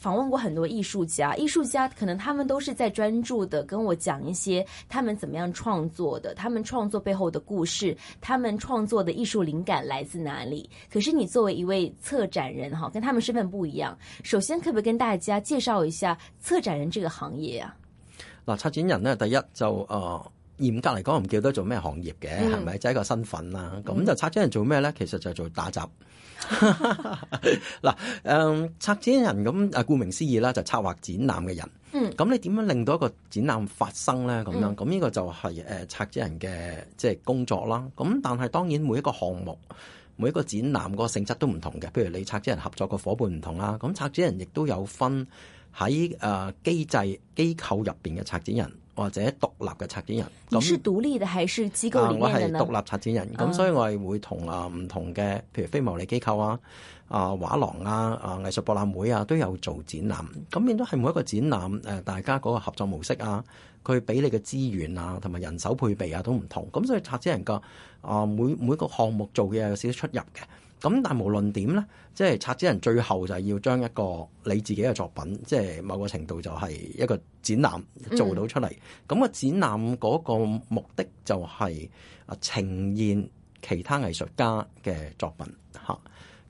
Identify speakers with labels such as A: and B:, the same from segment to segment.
A: 訪問過很多藝術家，藝術家可能他們都是在專注的跟我講一些他們怎麼樣創作的，他們創作背後的故事，他們創作的藝術靈感來自哪裡。可是你作為一位策展人，哈，跟他們身份不一樣。首先可唔可以跟大家介紹一下策展人這個行業啊？
B: 嗱、嗯，策展人呢第一就誒，嚴格嚟講唔叫得做咩行業嘅，係咪？就係一個身份啦。咁就策展人做咩咧？其實就做打雜。嗱、 嗯，誒策展人咁誒，顧名思義啦，就是、策劃展覽嘅人。咁、嗯、你點樣令到一個展覽發生咧？咁咁呢個就係策展人嘅即係工作啦。咁但係當然每一個項目、每一個展覽個性質都唔同嘅。譬如你策展人合作嘅伙伴唔同啦，咁策展人亦都有分喺誒機制機構入邊嘅策展人。或者獨立嘅策展人、嗯，你是
A: 獨立嘅，還是機構、啊、我係獨立
B: 策展人，咁、嗯、所以我係會同啊唔同嘅，譬如非牟利機構啊、啊畫廊啊、啊藝術博覽會啊都有做展覽。咁、嗯、變都係每一個展覽誒，大家嗰個合作模式啊，佢俾你嘅資源啊，同埋人手配備啊都唔同。咁、嗯、所以策展人個啊每每個項目做嘅有少少出入嘅。咁但係無論點咧，即係策展人，最後就係要將一個你自己嘅作品，即係某個程度就係一個展覽做到出嚟。咁、嗯，個展覽嗰個目的就係啊呈現其他藝術家嘅作品吓。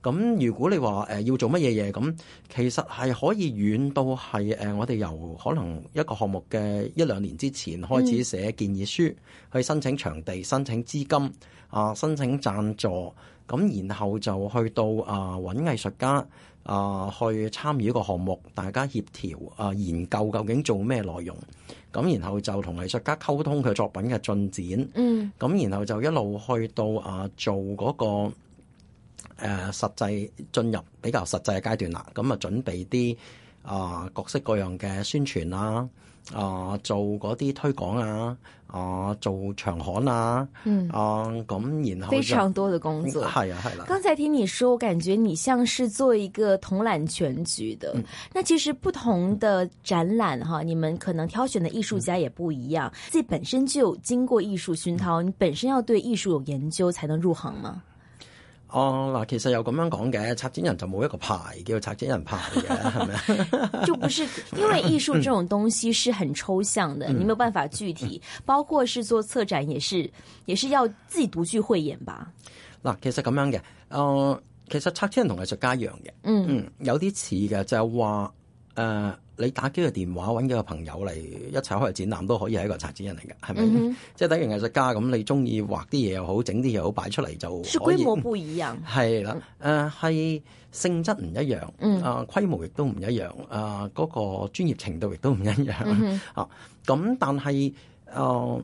B: 咁、啊、如果你話誒要做乜嘢嘢，咁其實係可以遠到係誒我哋由可能一個項目嘅一兩年之前開始寫建議書、嗯，去申請場地、申請資金啊、申請贊助。咁然後就去到啊揾藝術家啊去參與一個項目，大家協調啊研究究竟做咩內容。咁然後就同藝術家溝通佢作品嘅進展。嗯。咁然後就一路去到啊做嗰個誒實際進入比較實際嘅階段啦。咁啊準備啲。啊、呃，各式各樣嘅宣傳啦，啊，呃、做嗰啲推廣啊，啊、呃，做場刊啊，啊、嗯，咁、呃、然後非常多的工作，係、嗯、啊，係啦、啊。剛
A: 才聽你說，我感覺你像是做一個統攬全局的、嗯。那其實不同的展覽哈、嗯，你們可能挑選的藝術家也不一樣、嗯。自己本身就有經過藝術熏陶、嗯，你本身要對藝術有研究才能入行嘛？
B: 哦，嗱，其實有咁樣講嘅，策展人就冇一個牌叫策展人牌嘅，係咪啊？
A: 就唔係，因為藝術這種東西是很抽象嘅、嗯，你冇辦法具體、嗯。包括是做策展，也是也是要自己獨具慧眼吧。
B: 嗱、呃，其實咁樣嘅，誒，其實策展人同藝術家一樣嘅、嗯，嗯，有啲似嘅，就係話誒。呃你打幾個電話搵幾個朋友嚟一齊開個展覽都可以係一個策展人嚟㗎，係咪？Mm-hmm. 即係等於藝術家咁，你中意畫啲嘢又好，整啲嘢又好擺出嚟就，是規模不一樣。係啦，誒係、呃、性質唔一樣，誒、呃、規模亦都唔一樣，誒、呃、嗰、那個專業程度亦都唔一樣、mm-hmm. 啊。咁但係誒、呃、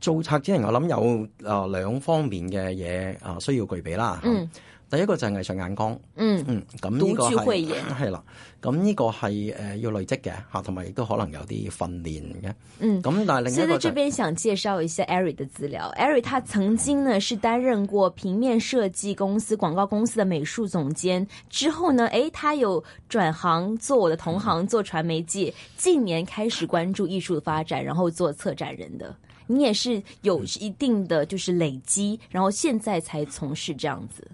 B: 做策展人，我諗有誒、呃、兩方面嘅嘢啊，需要具備啦。嗯、mm-hmm. 啊。第一個就是藝術眼光，嗯嗯，咁都具慧眼係啦，咁呢個係誒、呃、要累積嘅吓，同埋亦都可能有啲訓練嘅，嗯，咁但係另一個、就是，所以呢邊
A: 想介紹一下 Ery 的資料，Ery、嗯、他曾經呢是擔任過平面設計公司、廣告公司的美術總監，之後呢，誒、欸，他有轉行做我的同行，做傳媒界，近年開始關注藝術嘅發展，然後做策展人的，你也是有一定的就是累積，然後現在才從事這樣子。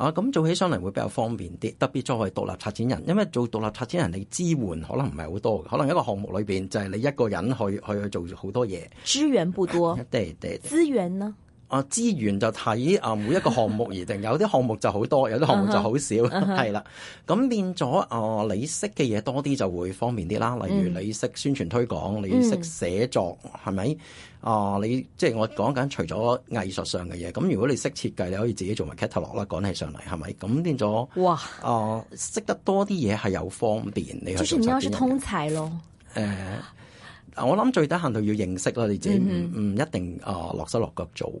B: 啊，咁做起上嚟會比較方便啲，特別作為獨立策展人，因為做獨立策展人，你支援可能唔係好多嘅，可能一個項目裏邊就係你一個人去去去做好多嘢。資源不多， 對對，對，資源呢？啊資源就睇啊每一個項目而定， 有啲項目就好多，有啲項目就好少，係、uh-huh. 啦、uh-huh.。咁變咗啊、呃，你識嘅嘢多啲就會方便啲啦。例如你識宣傳推廣，mm. 你識寫作，係咪啊？你即係我講緊除咗藝術上嘅嘢，咁如果你識設計，你可以自己做埋 catalog 啦，講起上嚟係咪？咁變咗哇，啊、呃、識得多啲嘢係有方便，你。就是你要是通才咯。呃我諗最得閒就要認識啦，你自己唔唔一定啊、嗯呃、落手落腳做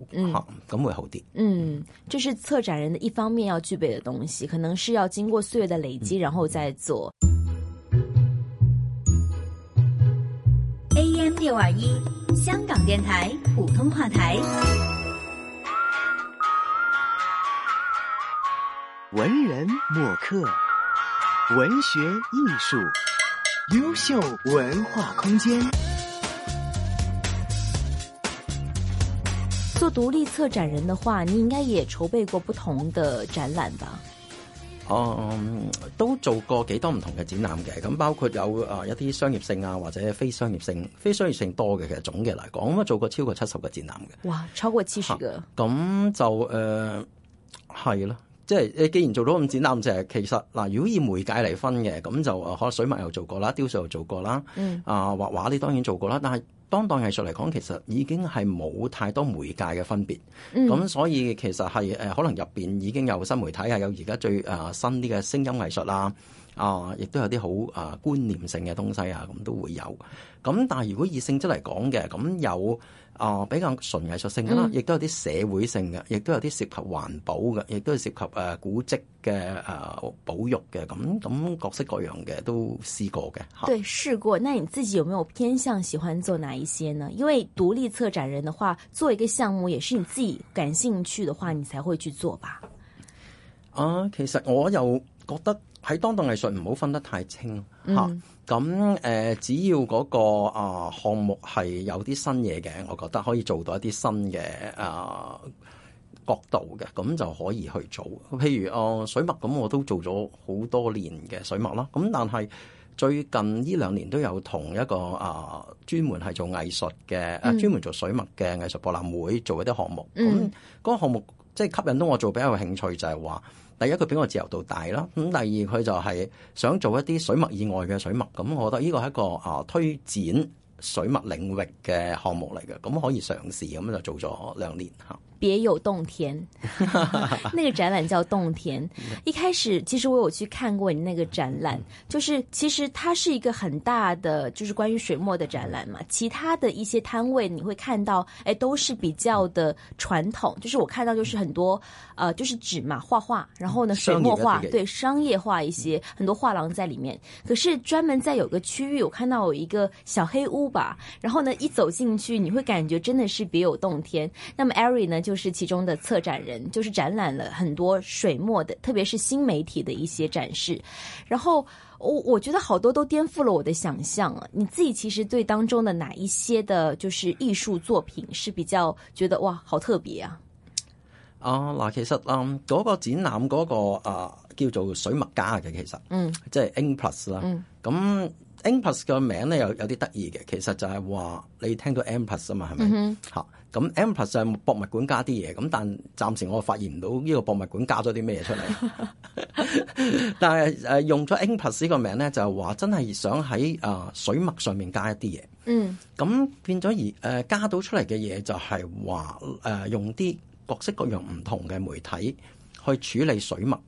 B: 咁會好啲。嗯，
A: 這嗯、就是策展人的一方面要具備的東西，可能是要經過歲月的累積、嗯，然後再做。AM 六二一，香港電台普通話台，文人墨客，文學藝術，優秀文化空間。做獨立策展人嘅話，你應該也籌備過不同的展覽吧？
B: 哦、嗯，都做過幾多唔同嘅展覽嘅，咁包括有啊一啲商業性啊或者非商業性，非商業性多嘅其實總嘅嚟講，咁我做過超過七十個展覽嘅。
A: 哇，超過七十個。
B: 咁、啊、就誒係咯，即係既然做到咁展覽，就係其實嗱，如果以媒介嚟分嘅，咁就可能水墨又做過啦，雕塑又做過啦，嗯啊畫畫你當然做過啦，但係，當代藝術嚟講，其實已經係冇太多媒介嘅分別，咁、嗯、所以其實係可能入面已經有新媒體，係有而家最新啲嘅聲音藝術啦。啊，亦都有啲好啊觀念性嘅東西啊，咁都會有。咁但係如果以性質嚟講嘅，咁有啊、呃、比較純藝術性嘅啦，亦、嗯、都有啲社會性嘅，亦都有啲涉及環保嘅，亦都係涉及誒、呃、古跡嘅誒保育嘅。咁咁各式各樣嘅都試過嘅。
A: 對，試過。那你自己有沒有偏向喜歡做哪一些呢？因為獨立策展人嘅話，做一個項目，也是你自己感興趣嘅話，你才會去做吧。
B: 啊，其實我又覺得。喺當代藝術唔好分得太清吓，咁、嗯、誒、啊、只要嗰個啊項目係有啲新嘢嘅，我覺得可以做到一啲新嘅啊角度嘅，咁就可以去做。譬如我、啊、水墨，咁我都做咗好多年嘅水墨啦。咁但係最近呢兩年都有同一個啊專門係做藝術嘅，誒、嗯啊、專門做水墨嘅藝術博覽會做一啲項目。嗯，嗰、那個項目。即係吸引到我做比較興趣就係話，第一佢俾我自由度大啦，咁第二佢就係想做一啲水墨以外嘅水墨。咁我覺得呢個係一個啊推展水墨領域嘅項目嚟嘅，咁可以嘗試咁就做咗兩年吓
A: 別有洞天， 那個展覽叫洞天。一開始其實我有去看過你那個展覽，就是其實它是一個很大的，就是關於水墨的展覽嘛。其他的一些攤位你會看到，哎，都是比較的傳統，就是我看到就是很多呃就是紙嘛畫畫，然後呢水墨畫，嗯、對商業化一些，嗯，很多畫廊在裡面。可是專門在有個區域，我看到有一個小黑屋吧，然後呢一走進去你會感覺真的是別有洞天。那麼艾瑞呢就。就是其中的策展人，就是展覽了很多水墨的，特別是新媒體的一些展示。然後我我覺得好多都顛覆了我的想象啊！你自己其實對當中的哪一些的，就是藝術作品是比較覺得哇，好特別啊！
B: 啊、呃、嗱，其實啊，嗰、那個展覽嗰、那個啊、呃、叫做水墨家嘅，其實嗯，即係 M+ 啦。咁 M+ 嘅名咧有有啲得意嘅，其實就係、是、話你聽到 M+ 啊嘛，係咪吓？嗯咁 M+ 上博物館加啲嘢，咁但暫時我發現唔到呢個博物館加咗啲咩出嚟， 但係用咗 M+ 呢個名咧，就係話真係想喺啊水墨上面加一啲嘢。嗯，咁變咗而加到出嚟嘅嘢就係話用啲各式各樣唔同嘅媒體去處理水墨。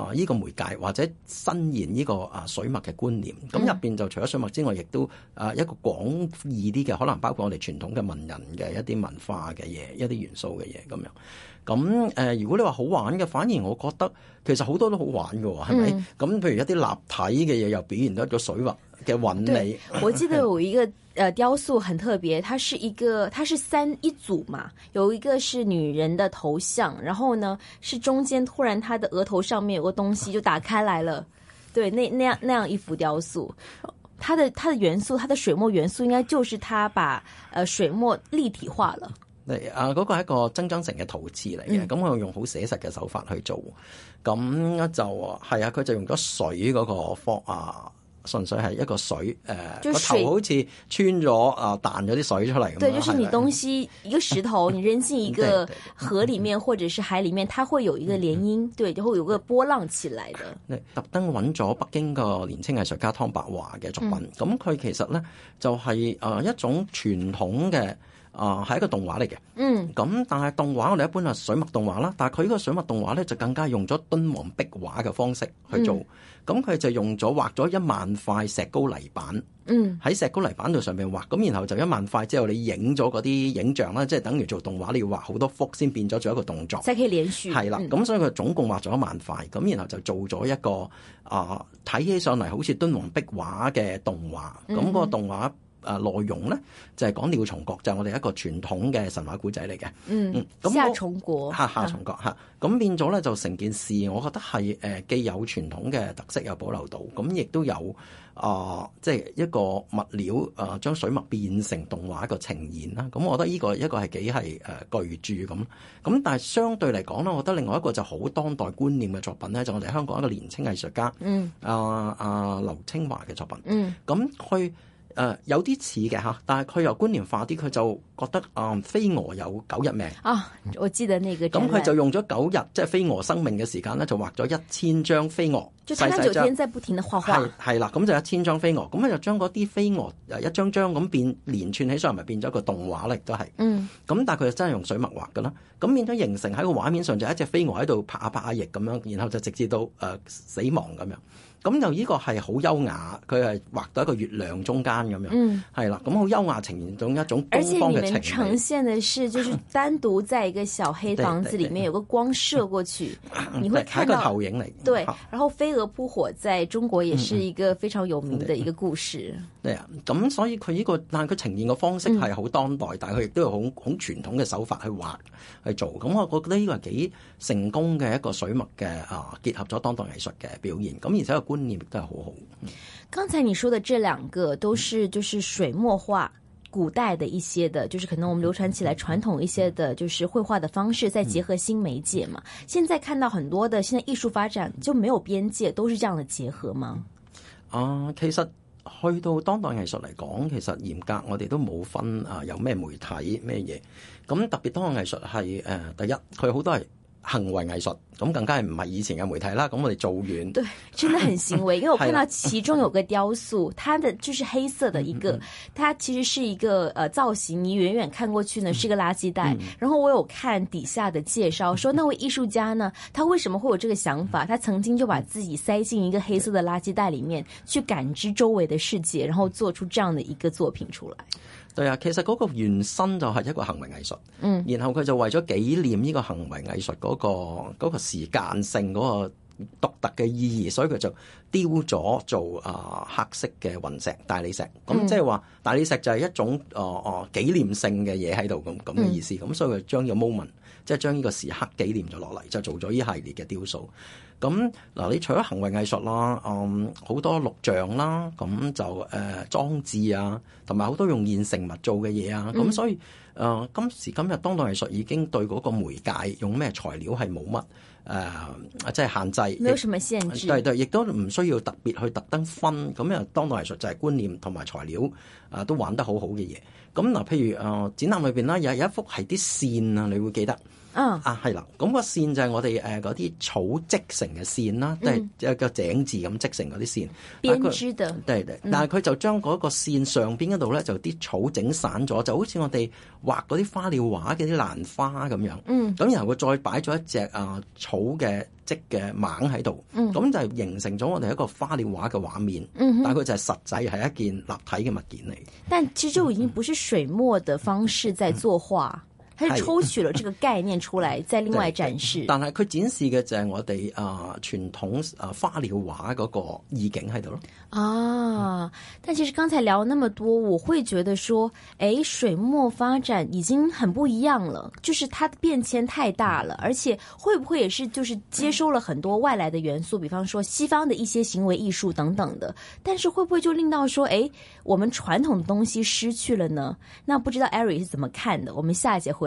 B: 啊！呢個媒介或者伸延呢個啊水墨嘅觀念，咁入面就除咗水墨之外，亦都啊一個廣義啲嘅，可能包括我哋傳統嘅文人嘅一啲文化嘅嘢，一啲元素嘅嘢咁樣咁誒，如果你話好玩嘅，反而我覺得其實好多都好玩㗎喎，係咪？咁譬如一啲立體嘅嘢，又表現到一個水墨。嘅，我記得有
A: 一個，誒，雕塑，很特別， 它是一個，它是三一組嘛，有一個是女人的頭像，然後呢，是中間突然她的額頭上面有個東西就打開來了， 對，那那樣那樣一幅雕塑，它的它的元素，它的水墨元素應該就是它把，誒，水墨立體化了。
B: 誒，啊，嗰個係一個增張成嘅陶瓷嚟嘅，咁、嗯、佢用好寫實嘅手法去做，咁就係啊，佢就用咗水嗰、那個方啊。純粹係一個水，誒、呃、個頭好似穿咗啊、呃、彈咗啲水出嚟。對，就係、是、你東
A: 西一個石頭，你扔進一個河裡面或者是海裡面， 它會有一個漣漪， 對，就會有個波浪起來嘅。
B: 你特登揾咗北京個年輕藝術家湯白華嘅作品，咁 佢其實咧就係、是、誒一種傳統嘅。啊，係一個動畫嚟嘅。嗯。咁但係動畫我哋一般係水墨動畫啦，但係佢個水墨動畫咧就更加用咗敦煌壁畫嘅方式去做。嗯。咁佢就用咗畫咗一萬塊石膏泥板。嗯。喺石膏泥板度上面畫，咁然後就一萬塊之後你影咗嗰啲影像啦，即係等於做動畫你要畫好多幅先變咗做一個動作。即
A: 係連續。係啦。嗯。咁
B: 所以佢總共畫咗一萬塊，咁然後就做咗一個啊，睇起上嚟好似敦煌壁畫嘅動畫。咁個動畫。啊！內容咧就係講《廖蟲國》，就係、是就是、我哋一個傳統嘅神話古仔嚟嘅。嗯，
A: 咁、嗯、下蟲國嚇下蟲
B: 國咁、啊、變咗咧就成件事。我覺得係既有傳統嘅特色，又保留到，咁亦都有啊，即、呃、係、就是、一個物料啊、呃，將水墨變成動畫一個呈現啦。咁我覺得呢個一個係幾係誒巨著咁。咁但係相對嚟講咧，我覺得另外一個就好當代觀念嘅作品咧，就係、是、香港一個年青藝術家，嗯，阿、呃、阿、呃、劉清華嘅作品，嗯，咁去。誒、uh, 有啲似嘅吓，但係佢又觀念化啲，佢就。覺得啊，飛、嗯、蛾有九日命
A: 啊、哦！我記得呢個咁佢就用
B: 咗九日，即係飛蛾生命嘅時間咧，就畫咗一千張飛蛾細細
A: 張。
B: 係啦，咁就一千張飛蛾。咁咧就將嗰啲飛蛾一張張咁變連串起上，咪變咗個動畫咧，亦都係咁、嗯、但係佢就真係用水墨畫㗎啦。咁變咗形成喺個畫面上就一隻飛蛾喺度拍下拍下翼咁樣，然後就直至到誒、呃、死亡咁樣。咁就呢個係好優雅，佢係畫到一個月亮中間咁樣，係、嗯、啦。咁好優雅，呈現一一種東方嘅。呈
A: 現的是，就是單獨在一個小黑房子裏面有個光射過去，你會看到投
B: 影嚟。對，
A: 然後飛蛾撲火在中國也是一個非常有名的一個故事。
B: 對啊，咁所以佢呢個，但係佢呈現嘅方式係好當代，但係佢亦都有好好傳統嘅手法去畫去做。咁我我覺得呢個係幾成功嘅一個水墨嘅啊結合咗當代藝術嘅表現。咁而且個觀念亦都係好好。
A: 剛才你說的這兩個都是，就是水墨畫。古代的一些的，就是可能我們流傳起來傳統一些的，就是繪畫的方式，再結合新媒介嘛，嗯。現在看到很多的，現在藝術發展就沒有邊界，嗯，都是這樣的結合嗎？啊、嗯
B: 呃，其實去到當代藝術嚟講，其實嚴格我哋都冇分啊，呃，有咩媒體咩嘢。咁特別當代藝術係誒，第一佢好多係。行為藝術，咁更加係唔係以前嘅媒體啦，咁我哋做遠
A: 對，真的很行為，因為我看到其中有個雕塑，它的就是黑色的一個，它其實是一個造型，你遠遠看過去呢，是一個垃圾袋。然後我有看底下的介紹，說那位藝術家呢，他為什麼會有這個想法？他曾經就把自己塞進一個黑色的垃圾袋裏面，去感知周圍的世界，然後做出這樣的一個作品出來。
B: 對啊，其實嗰個原生就係一個行為藝術，嗯，然後佢就為咗紀念呢個行為藝術。嗰個嗰個時間性嗰個獨特嘅意義，所以佢就雕咗做啊、呃、黑色嘅雲石大理石。咁即係話，大理石就係一種誒誒、呃呃、紀念性嘅嘢喺度咁咁嘅意思。咁所以佢將個 moment。即係將呢個時刻紀念咗落嚟，就做咗呢系列嘅雕塑。咁嗱，你除咗行為藝術啦，嗯，好多錄像啦，咁就誒、呃、裝置啊，同埋好多用現成物做嘅嘢啊。咁、嗯、所以誒、呃，今時今日當代藝術已經對嗰個媒介用咩材料係冇乜誒，即係限制。沒有什
A: 麼限制。對對，
B: 亦都唔需要特別去特登分。咁啊，當代藝術就係觀念同埋材料啊、呃，都玩得好好嘅嘢。咁嗱，譬如誒展覽裏邊啦，有一幅係啲線啊，你會記得。嗯、oh, 啊係啦，咁、那個線就係我哋誒嗰啲草織成嘅線啦，即、就、係、是、一個井字咁織成嗰啲線編、嗯、織對，對、嗯、但係佢就將嗰個線上邊嗰度咧就啲草整散咗，就好似我哋畫嗰啲花鳥畫嘅啲蘭花咁樣。嗯，咁然後佢再擺咗一隻啊草嘅織嘅蜢喺度，咁、嗯、就形成咗我哋一個花鳥畫嘅畫面。嗯、但係佢就係實際係一件立體嘅物件嚟。
A: 但其實就已經不是水墨嘅方式在作畫。嗯嗯嗯嗯他是抽取了這個概念出來，再 另外展示。 但
B: 係佢展示嘅就係我哋啊傳統啊花鳥畫嗰個意境喺度咯。
A: 啊、嗯！但其實剛才聊了那麼多，我會覺得說，誒、欸，水墨發展已經很不一樣了，就是它的變遷太大了、嗯，而且會不會也是就是接收了很多外來的元素，嗯、比方說西方的一些行為藝術等等的。但是會不會就令到說，誒、欸，我們傳統的東西失去了呢？那不知道艾瑞是怎麼看的？我們下一節會。